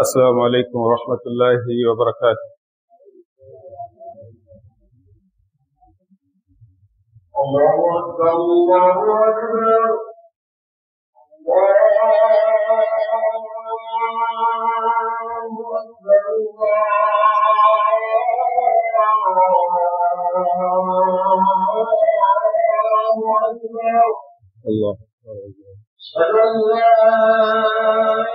السلام عليكم ورحمة الله وبركاته الله أكبر الله أكبر الله أكبر الله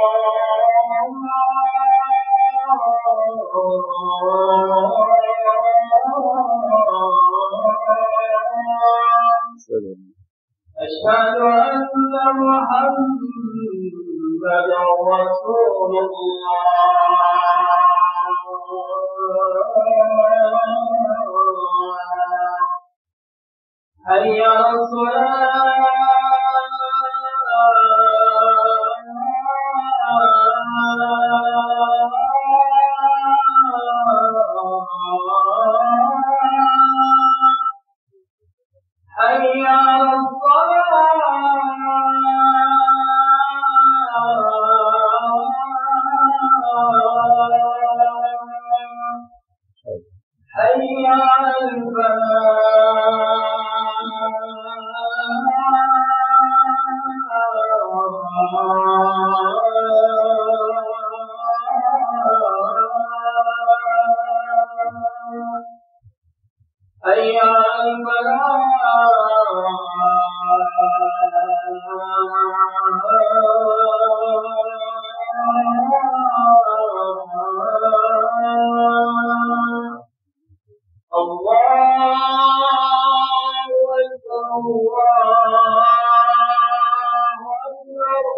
أشهد أن محمد رسول الله هيا الصلاة صلى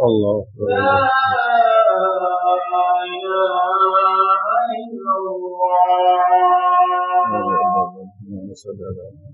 الله عليه وسلم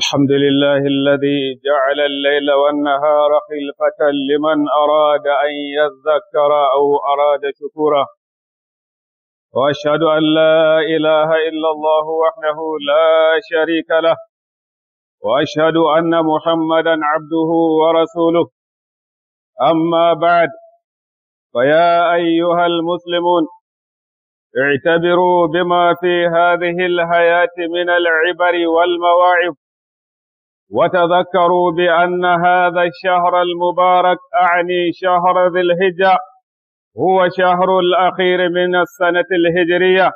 الحمد لله الذي جعل الليل والنهار خلفة لمن أراد أن يذكر أو أراد شكورا وأشهد أن لا إله إلا الله وحده لا شريك له وأشهد أن محمدا عبده ورسوله أما بعد فيا أيها المسلمون اعتبروا بما في هذه الحياة من العبر والمواعظ وتذكروا بأن هذا الشهر المبارك أعني شهر ذي الهجة هو شهر الأخير من السنة الهجرية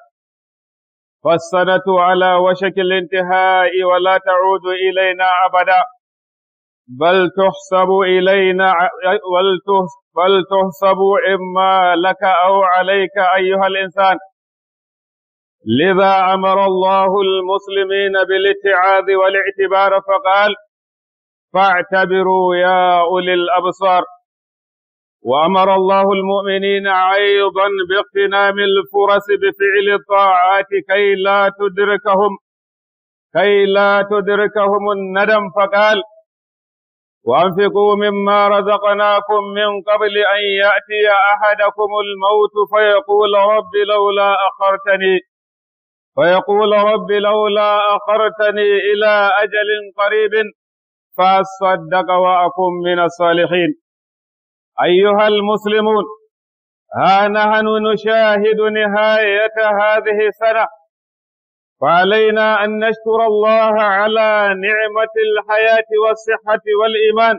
فالسنة على وشك الانتهاء ولا تعود إلينا أبدا بل تحسب إلينا بل تحسب إما لك أو عليك أيها الإنسان لذا أمر الله المسلمين بالاتعاذ والاعتبار فقال فاعتبروا يا أولي الأبصار وأمر الله المؤمنين أيضا باغتنام الفرص بفعل الطاعات كي لا تدركهم كي لا تدركهم الندم فقال وأنفقوا مما رزقناكم من قبل أن يأتي أحدكم الموت فيقول رب لولا أخرتني فيقول رب لولا أخرتني إلى أجل قريب فأصدق وأكن من الصالحين أيها المسلمون ها نحن نشاهد نهاية هذه السنة فعلينا أن نشكر الله على نعمة الحياة والصحة والإيمان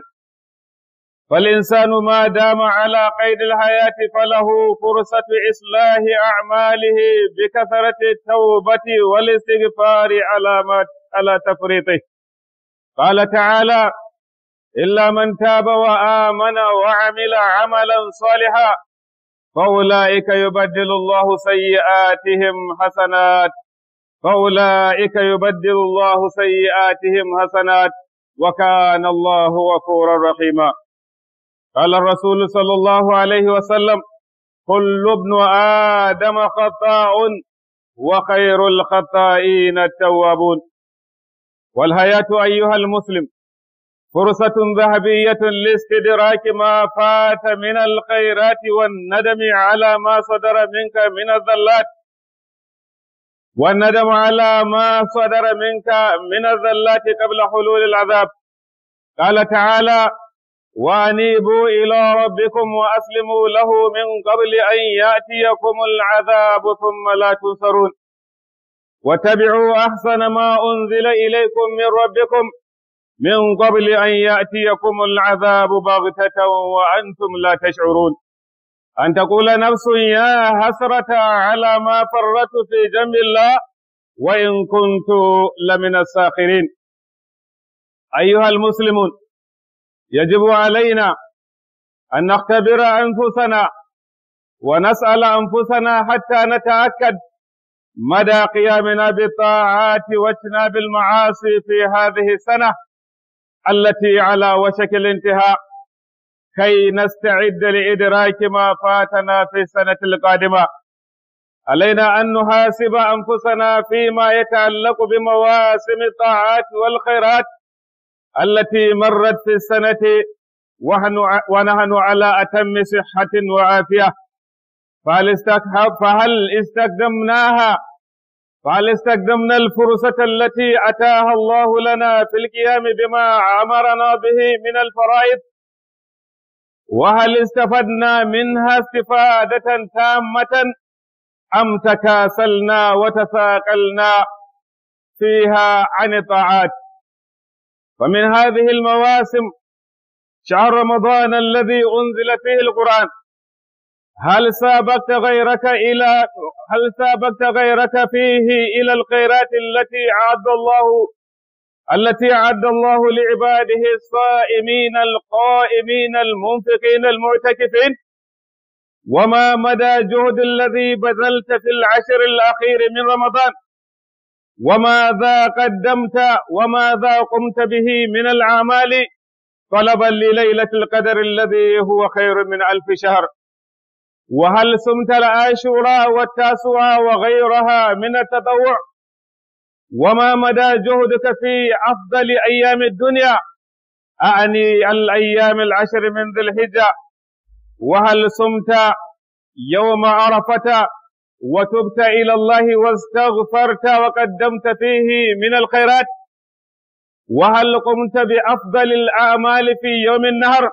فالإنسان ما دام على قيد الحياة فله فرصة إصلاح أعماله بكثرة التوبة والاستغفار على ما على تفريطه قال تعالى إلا من تاب وآمن وعمل عملا صالحا فأولئك يبدل الله سيئاتهم حسنات فأولئك يبدل الله سيئاتهم حسنات وكان الله غفورا رحيما قال الرسول صلى الله عليه وسلم كل ابن آدم خطاء وخير الخطائين التوابون والحياة أيها المسلم فرصة ذهبية لاستدراك ما فات من الخيرات والندم على ما صدر منك من الذلات والندم على ما صدر منك من الذلات قبل حلول العذاب قال تعالى وانيبوا إلى ربكم وأسلموا له من قبل أن يأتيكم العذاب ثم لا تنصرون واتبعوا أحسن ما أنزل إليكم من ربكم من قبل أن يأتيكم العذاب بغتة وأنتم لا تشعرون أن تقول نفس يا حسرة على ما فرطت في جنب الله وإن كنت لمن الساخرين أيها المسلمون يجب علينا أن نختبر أنفسنا ونسأل أنفسنا حتى نتأكد مدى قيامنا بالطاعات واجتناب المعاصي في هذه السنة التي على وشك الانتهاء كي نستعد لإدراك ما فاتنا في السنة القادمة علينا أن نحاسب أنفسنا فيما يتعلق بمواسم الطاعات والخيرات التي مرت في السنة ونحن على أتم صحة وعافية فهل استخدمناها فهل استخدمنا الفرصة التي أتاها الله لنا في القيام بما أمرنا به من الفرائض وهل استفدنا منها استفادة تامة أم تكاسلنا وتثاقلنا فيها عن الطاعات فمن هذه المواسم شهر رمضان الذي أنزل فيه القرآن هل سابقت غيرك إلى هل سابقت غيرك فيه إلى الخيرات التي أعد الله التي أعد الله لعباده الصائمين القائمين المنفقين المعتكفين وما مدى جهد الذي بذلت في العشر الأخير من رمضان وماذا قدمت وماذا قمت به من الأعمال طلبا لليلة القدر الذي هو خير من ألف شهر وهل صمت العاشوراء والتاسعاء وغيرها من التطوع وما مدى جهدك في أفضل أيام الدنيا أعني الأيام العشر من ذي الحجة وهل صمت يوم عرفة وتبت إلى الله واستغفرت وقدمت فيه من الخيرات وهل قمت بأفضل الأعمال في يوم النهر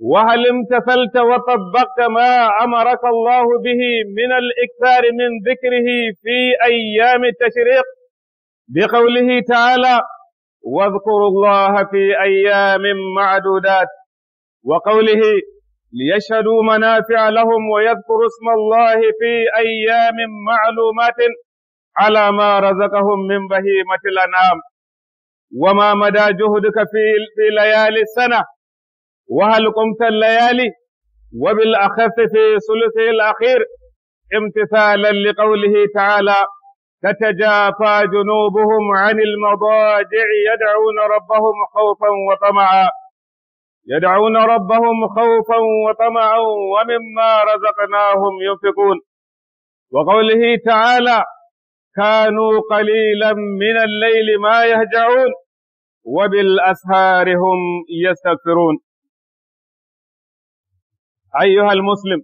وهل امتثلت وطبقت ما أمرك الله به من الإكثار من ذكره في أيام التشريق بقوله تعالى واذكروا الله في أيام معدودات وقوله ليشهدوا منافع لهم ويذكروا اسم الله في أيام معلومات على ما رزقهم من بهيمة الأنعام وما مدى جهدك في ليالي السنة وهل قمت الليالي وبالأخف في ثلثه الأخير امتثالا لقوله تعالى تتجافى جنوبهم عن المضاجع يدعون ربهم خوفا وطمعا يدعون ربهم خوفا وطمعا ومما رزقناهم ينفقون وقوله تعالى كانوا قليلا من الليل ما يهجعون وبالأسهار هم يستغفرون أيها المسلم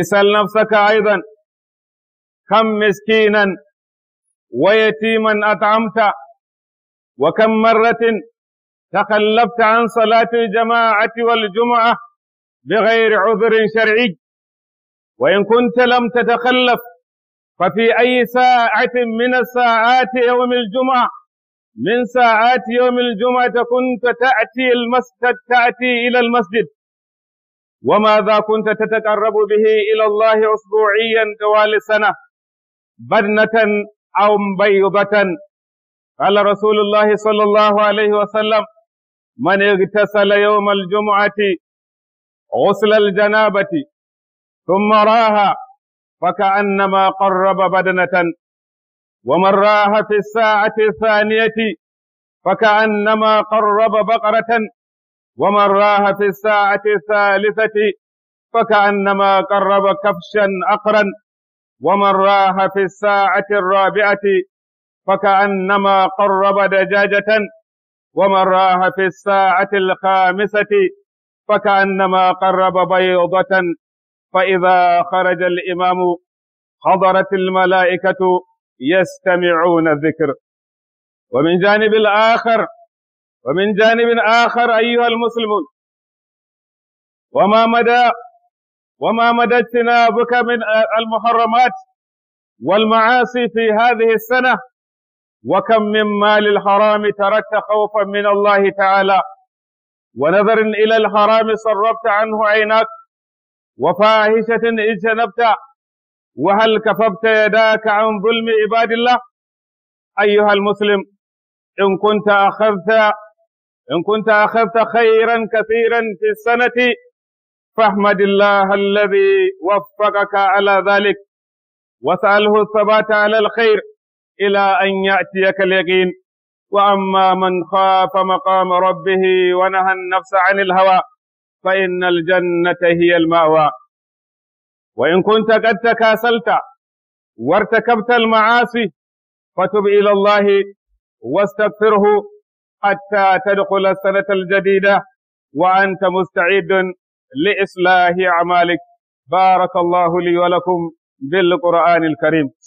اسأل نفسك أيضا كم مسكينا ويتيما أطعمت وكم مرة تخلفت عن صلاة الجماعة والجمعة بغير عذر شرعي وإن كنت لم تتخلف ففي أي ساعة من الساعات يوم الجمعة من ساعات يوم الجمعة كنت تأتي المسجد تأتي إلى المسجد وماذا كنت تتقرب به إلى الله أسبوعيا طوال السنة بدنة أو بيضة قال رسول الله صلى الله عليه وسلم من اغتسل يوم الجمعة غسل الجنابة ثم راها فكأنما قرب بدنة ومن راها في الساعة الثانية فكأنما قرب بقرة ومن راها في الساعة الثالثة فكأنما قرب كبشا أقرا ومن راها في الساعة الرابعة فكأنما قرب دجاجة ومن راه في الساعة الخامسة فكأنما قرب بيضة فإذا خرج الإمام حضرت الملائكة يستمعون الذكر ومن جانب الآخر ومن جانب آخر أيها المسلمون وما مدى وما مدى اجتنابك من المحرمات والمعاصي في هذه السنة وكم من مال الحرام تركت خوفا من الله تعالى ونظر إلى الحرام صرفت عنه عينك وفاحشة اجتنبت وهل كففت يداك عن ظلم عباد الله أيها المسلم إن كنت أخذت إن كنت أخذت خيرا كثيرا في السنة فاحمد الله الذي وفقك على ذلك واسأله الثبات على الخير إلى أن يأتيك اليقين وأما من خاف مقام ربه ونهى النفس عن الهوى فإن الجنة هي المأوى وإن كنت قد تكاسلت وارتكبت المعاصي فتب إلى الله واستغفره حتى تدخل السنة الجديدة وأنت مستعد لإصلاح أعمالك بارك الله لي ولكم بالقرآن الكريم